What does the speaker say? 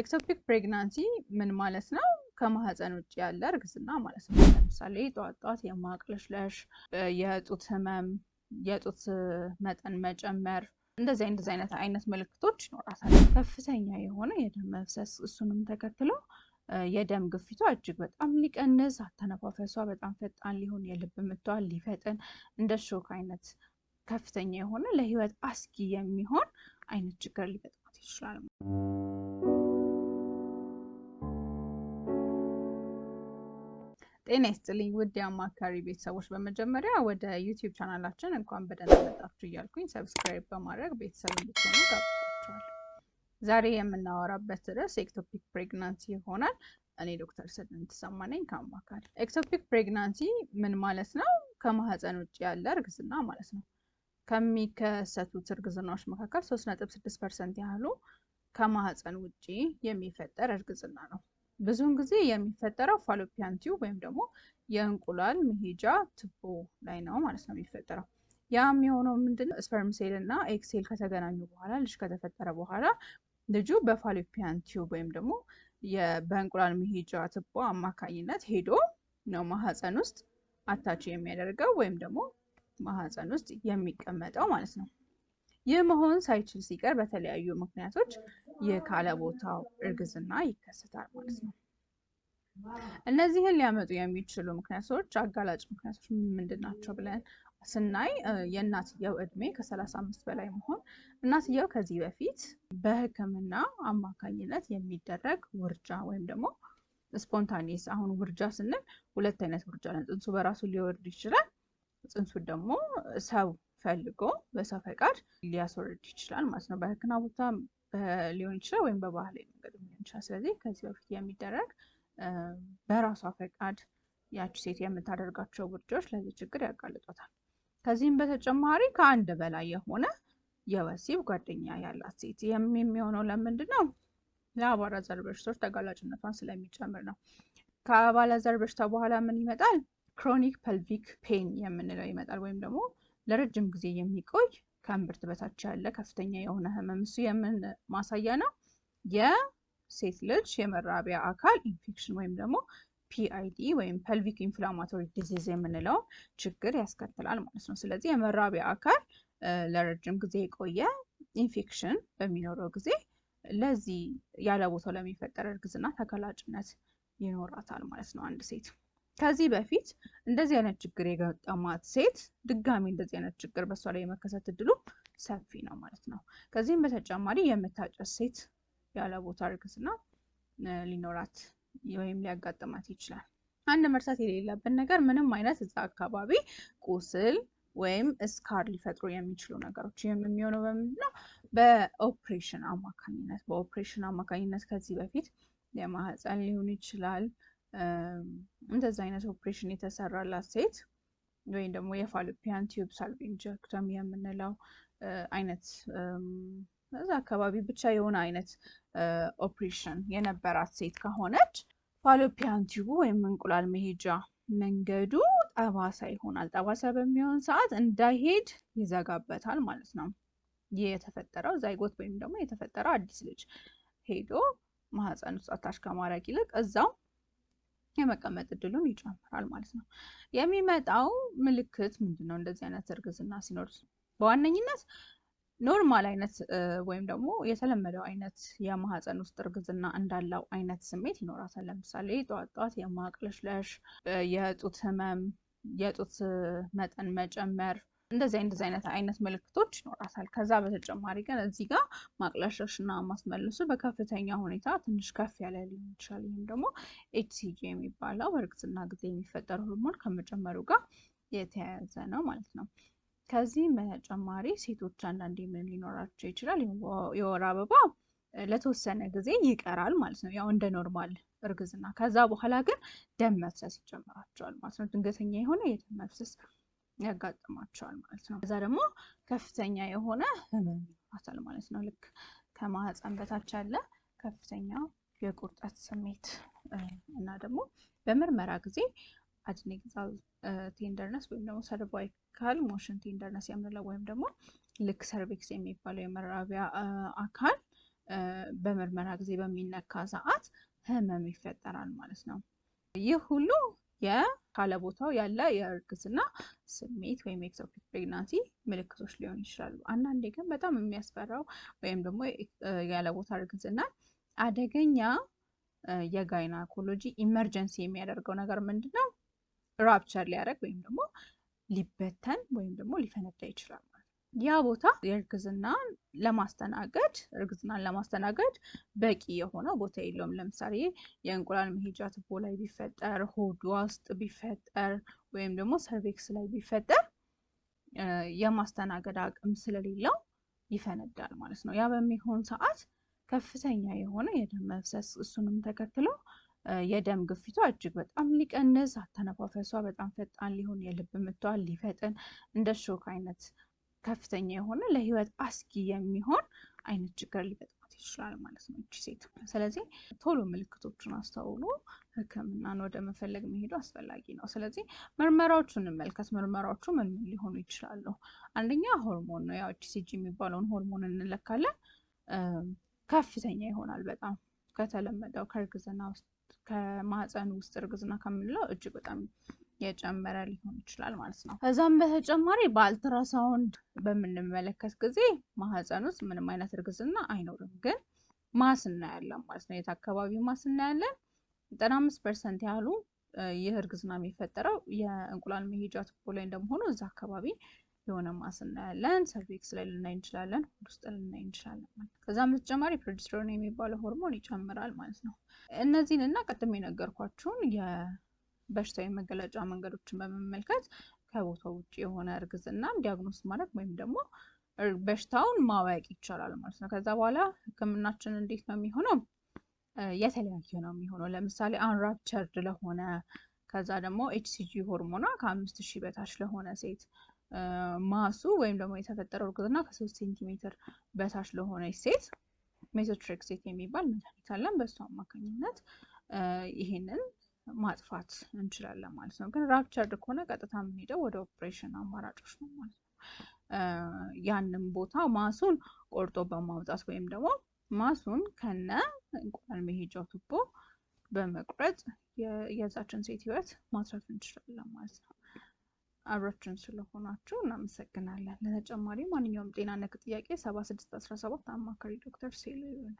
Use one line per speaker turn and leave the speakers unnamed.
ኤክቶፒክ ፕሬግናንሲ ምን ማለት ነው? ከማህፀን ውጭ ያለ እርግዝና ማለት ነው። ለምሳሌ ጠዋት ጠዋት የማቅለሽለሽ፣ የጡት ህመም፣ የጡት መጠን መጨመር እንደዚህ እንደዚህ አይነት አይነት ምልክቶች ይኖራታል። ከፍተኛ የሆነ የደም መፍሰስ እሱንም ተከትሎ የደም ግፊቷ እጅግ በጣም ሊቀንስ፣ አተነፋፈሷ በጣም ፈጣን ሊሆን፣ የልብ ምቷ ሊፈጥን፣ እንደ ሾክ አይነት ከፍተኛ የሆነ ለህይወት አስጊ የሚሆን አይነት ችግር ሊገጥማት ይችላል። ጤና ይስጥልኝ ውድ የአማካሪ ቤተሰቦች፣ በመጀመሪያ ወደ ዩቲዩብ ቻናላችን እንኳን በደህና መጣችሁ እያልኩኝ ሰብስክራይብ በማድረግ ቤተሰብ እንድትሆኑ ጋብዛችኋል። ዛሬ የምናወራበት ርዕስ ኤክቶፒክ ፕሬግናንሲ ይሆናል። እኔ ዶክተር ስድን ተሰማ ነኝ ከአማካሪ። ኤክቶፒክ ፕሬግናንሲ ምን ማለት ነው? ከማህፀን ውጭ ያለ እርግዝና ማለት ነው። ከሚከሰቱት እርግዝናዎች መካከል 3.6 ፐርሰንት ያህሉ ከማህፀን ውጭ የሚፈጠር እርግዝና ነው። ብዙውን ጊዜ የሚፈጠረው ፋሎፒያን ቲዩብ ወይም ደግሞ የእንቁላል መሄጃ ቱቦ ላይ ነው ማለት ነው የሚፈጠረው። ያ የሚሆነው ምንድነው ስፐርም ሴል እና ኤግ ሴል ከተገናኙ በኋላ ልጅ ከተፈጠረ በኋላ ልጁ በፋሎፒያን ቲዩብ ወይም ደግሞ በእንቁላል መሄጃ ቱቦ አማካኝነት ሄዶ ነው ማህፀን ውስጥ አታች የሚያደርገው ወይም ደግሞ ማህፀን ውስጥ የሚቀመጠው ማለት ነው። ይህ መሆን ሳይችል ሲቀር በተለያዩ ምክንያቶች የካለ ቦታው እርግዝና ይከሰታል ማለት ነው። እነዚህን ሊያመጡ የሚችሉ ምክንያቶች አጋላጭ ምክንያቶች ምንድን ናቸው ብለን ስናይ የእናትየው እድሜ ከ35 በላይ መሆን፣ እናትየው ከዚህ በፊት በሕክምና አማካኝነት የሚደረግ ውርጃ ወይም ደግሞ ስፖንታኒስ አሁን ውርጃ ስንል ሁለት አይነት ውርጃ ነው። ጽንሱ በራሱ ሊወርድ ይችላል። ጽንሱ ደግሞ ሰው ፈልጎ በሰው ፈቃድ ሊያስወርድ ይችላል ማለት ነው። በሕክምና ቦታ ሊሆን ይችላል ወይም በባህላዊ መንገድ ሊሆን ይችላል። ስለዚህ ከዚህ በፊት የሚደረግ በራሷ ፈቃድ ያቺ ሴት የምታደርጋቸው ውርዶች ለዚህ ችግር ያጋልጧታል። ከዚህም በተጨማሪ ከአንድ በላይ የሆነ የወሲብ ጓደኛ ያላት ሴት የሚሆነው ለምንድን ነው? ለአባላዘር በሽታዎች ተጋላጭነቷን ስለሚጨምር ነው። ከአባላዘር በሽታ በኋላ ምን ይመጣል? ክሮኒክ ፐልቪክ ፔን የምንለው ይመጣል ወይም ደግሞ ለረጅም ጊዜ የሚቆይ ከእምብርት በታች ያለ ከፍተኛ የሆነ ህመም እሱ የምን ማሳያ ነው? የሴት ልጅ የመራቢያ አካል ኢንፌክሽን ወይም ደግሞ ፒአይዲ ወይም ፐልቪክ ኢንፍላማቶሪ ዲዚዝ የምንለው ችግር ያስከትላል ማለት ነው። ስለዚህ የመራቢያ አካል ለረጅም ጊዜ የቆየ ኢንፌክሽን በሚኖረው ጊዜ ለዚህ ያለ ቦታው ለሚፈጠር እርግዝና ተከላጭነት ይኖራታል ማለት ነው አንድ ሴት ከዚህ በፊት እንደዚህ አይነት ችግር የገጠማት ሴት ድጋሚ እንደዚህ አይነት ችግር በሷ ላይ የመከሰት እድሉ ሰፊ ነው ማለት ነው። ከዚህም በተጨማሪ የምታጨስ ሴት ያለ ቦታ እርግዝና ሊኖራት ወይም ሊያጋጥማት ይችላል። አንድ መርሳት የሌለብን ነገር ምንም አይነት እዛ አካባቢ ቁስል ወይም እስካር ሊፈጥሩ የሚችሉ ነገሮች የሚሆነው በምንድን ነው? በኦፕሬሽን አማካኝነት በኦፕሬሽን አማካኝነት ከዚህ በፊት የማህፀን ሊሆን ይችላል እንደዚ አይነት ኦፕሬሽን የተሰራላት ሴት ወይም ደግሞ የፋሎፒያን ቲዩብ ሳልቬንጀክተም የምንለው አይነት እዛ አካባቢ ብቻ የሆነ አይነት ኦፕሬሽን የነበራት ሴት ከሆነች ፋሎፒያን ቲዩቡ ወይም እንቁላል መሄጃ መንገዱ ጠባሳ ይሆናል። ጠባሳ በሚሆን ሰዓት እንዳይሄድ ይዘጋበታል ማለት ነው። ይህ የተፈጠረው ዛይጎት ወይም ደግሞ የተፈጠረው አዲስ ልጅ ሄዶ ማህፀን ውስጥ አታች ከማድረግ ይልቅ እዛው የመቀመጥ እድሉን ይጨምራል ማለት ነው። የሚመጣው ምልክት ምንድን ነው? እንደዚህ አይነት እርግዝና ሲኖር በዋነኝነት ኖርማል አይነት ወይም ደግሞ የተለመደው አይነት የማህፀን ውስጥ እርግዝና እንዳለው አይነት ስሜት ይኖራታል። ለምሳሌ ጠዋት ጠዋት የማቅለሽለሽ፣ የጡት ህመም፣ የጡት መጠን መጨመር እንደዚህ አይነት አይነት አይነት ምልክቶች ይኖራታል። ከዛ በተጨማሪ ግን እዚህ ጋር ማቅለሽለሽና ማስመልሱ በከፍተኛ ሁኔታ ትንሽ ከፍ ያለ ሊሆን ይችላል። ይህም ደግሞ ኤችሲጂ የሚባለው በእርግዝና ጊዜ የሚፈጠር ሆርሞን ከመጨመሩ ጋር የተያያዘ ነው ማለት ነው። ከዚህ በተጨማሪ ሴቶች አንዳንዴ ምን ሊኖራቸው ይችላል? የወር አበባ ለተወሰነ ጊዜ ይቀራል ማለት ነው፣ ያው እንደ ኖርማል እርግዝና። ከዛ በኋላ ግን ደም መፍሰስ ይጀምራቸዋል ማለት ነው። ድንገተኛ የሆነ የደም መፍሰስ ያጋጥማቸዋል ማለት ነው። ከዛ ደግሞ ከፍተኛ የሆነ ህመም ይኖራታል ማለት ነው። ልክ ከማህፀን በታች ያለ ከፍተኛ የቁርጠት ስሜት እና ደግሞ በምርመራ ጊዜ አድኔክዛል ቴንደርነስ ወይም ደግሞ ሰርቫይካል ሞሽን ቴንደርነስ የምንለው ወይም ደግሞ ልክ ሰርቪክስ የሚባለው የመራቢያ አካል በምርመራ ጊዜ በሚነካ ሰዓት ህመም ይፈጠራል ማለት ነው። ይህ ሁሉ የካለ ቦታው ያለ የእርግዝና ስሜት ወይም ኤክቶፒክ ፕሬግናንሲ ምልክቶች ሊሆኑ ይችላሉ። አንዳንዴ ግን በጣም የሚያስፈራው ወይም ደግሞ ያለ ቦታ እርግዝና አደገኛ የጋይናኮሎጂ ኢመርጀንሲ የሚያደርገው ነገር ምንድን ነው? ራፕቸር ሊያደርግ ወይም ደግሞ ሊበተን ወይም ደግሞ ሊፈነዳ ይችላል። ያ ቦታ የእርግዝና ለማስተናገድ እርግዝናን ለማስተናገድ በቂ የሆነ ቦታ የለውም። ለምሳሌ የእንቁላል መሄጃ ትቦ ላይ ቢፈጠር፣ ሆዷ ውስጥ ቢፈጠር፣ ወይም ደግሞ ሰርቬክስ ላይ ቢፈጠር የማስተናገድ አቅም ስለሌለው ይፈነዳል ማለት ነው። ያ በሚሆን ሰዓት ከፍተኛ የሆነ የደም መፍሰስ እሱንም ተከትሎ የደም ግፊቷ እጅግ በጣም ሊቀንስ፣ አተነፋፈሷ በጣም ፈጣን ሊሆን፣ የልብ ምቷ ሊፈጥን እንደ ሾክ አይነት ከፍተኛ የሆነ ለህይወት አስጊ የሚሆን አይነት ችግር ሊገጥማት ይችላል ማለት ነው እቺ ሴት። ስለዚህ ቶሎ ምልክቶቹን አስተውሎ ህክምናን ወደ መፈለግ መሄዱ አስፈላጊ ነው። ስለዚህ ምርመራዎቹን እንመልከት። ምርመራዎቹ ምን ምን ሊሆኑ ይችላሉ? አንደኛ ሆርሞን ነው። ያው ኤችሲጂ የሚባለውን ሆርሞን እንለካለን። ከፍተኛ ይሆናል በጣም ከተለመደው ከእርግዝና ውስጥ ከማህፀን ውስጥ እርግዝና ከምንለው እጅግ በጣም የጨመረ ሊሆን ይችላል ማለት ነው። ከዛም በተጨማሪ በአልትራሳውንድ በምንመለከት ጊዜ ማህፀን ውስጥ ምንም አይነት እርግዝና አይኖርም፣ ግን ማስ እናያለን ማለት ነው። የት አካባቢ ማስ እናያለን? ዘጠና አምስት ፐርሰንት ያህሉ ይህ እርግዝና የሚፈጠረው የእንቁላል መሄጃ ቱቦ ላይ እንደመሆኑ እዛ አካባቢ የሆነ ማስ እናያለን። ሰርቪክስ ላይ ልናይ እንችላለን፣ ሆድ ውስጥ ልናይ እንችላለን። ከዛም በተጨማሪ ፕሮጀስትሮን የሚባለው ሆርሞን ይጨምራል ማለት ነው። እነዚህን እና ቅድም የነገርኳችሁን በሽታ የመገለጫ መንገዶችን በመመልከት ከቦታው ውጭ የሆነ እርግዝና ዲያግኖስ ማድረግ ወይም ደግሞ በሽታውን ማወቅ ይቻላል ማለት ነው። ከዛ በኋላ ህክምናችን እንዴት ነው የሚሆነው? የተለያየ ነው የሚሆነው። ለምሳሌ አንራፕቸርድ ለሆነ ከዛ ደግሞ ኤችሲጂ ሆርሞኗ ከአምስት ሺህ በታች ለሆነ ሴት ማሱ ወይም ደግሞ የተፈጠረው እርግዝና ከሶስት ሴንቲሜትር በታች ለሆነ ሴት ሜቶትሬክሴት የሚባል መድኃኒት አለን። በእሱ አማካኝነት ይሄንን ማጥፋት እንችላለን ማለት ነው። ግን ራፕቸርድ ከሆነ ቀጥታ የምንሄደው ወደ ኦፕሬሽን አማራጮች ነው ማለት ነው። ያንን ቦታ ማሱን ቆርጦ በማውጣት ወይም ደግሞ ማሱን ከነ እንቁላል መሄጃው ቱቦ በመቁረጥ የዛችን ሴት ህይወት ማትረፍ እንችላለን ማለት ነው። አብራችን ስለሆናችሁ እናመሰግናለን። ለተጨማሪ ማንኛውም ጤና ነክ ጥያቄ ሰባት አማካሪ ዶክተር ሴሎ ይሆናል።